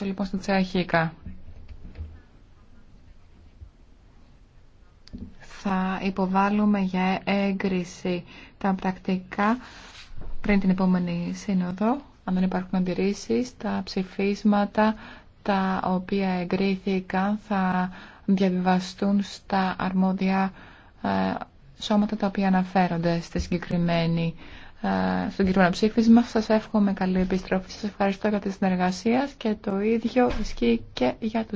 λοιπόν Θα υποβάλλουμε για έγκριση τα πρακτικά πριν την επόμενη σύνοδο. Αν δεν υπάρχουν αντιρρήσει, τα ψηφίσματα τα οποία εγκρίθηκαν θα διαβιβαστούν στα αρμόδια ε, σώματα τα οποία αναφέρονται στη συγκεκριμένη ε, στον κύριο ψήφισμα. Σας εύχομαι καλή επιστροφή. Σας ευχαριστώ για τη συνεργασία και το ίδιο ισχύει και για του.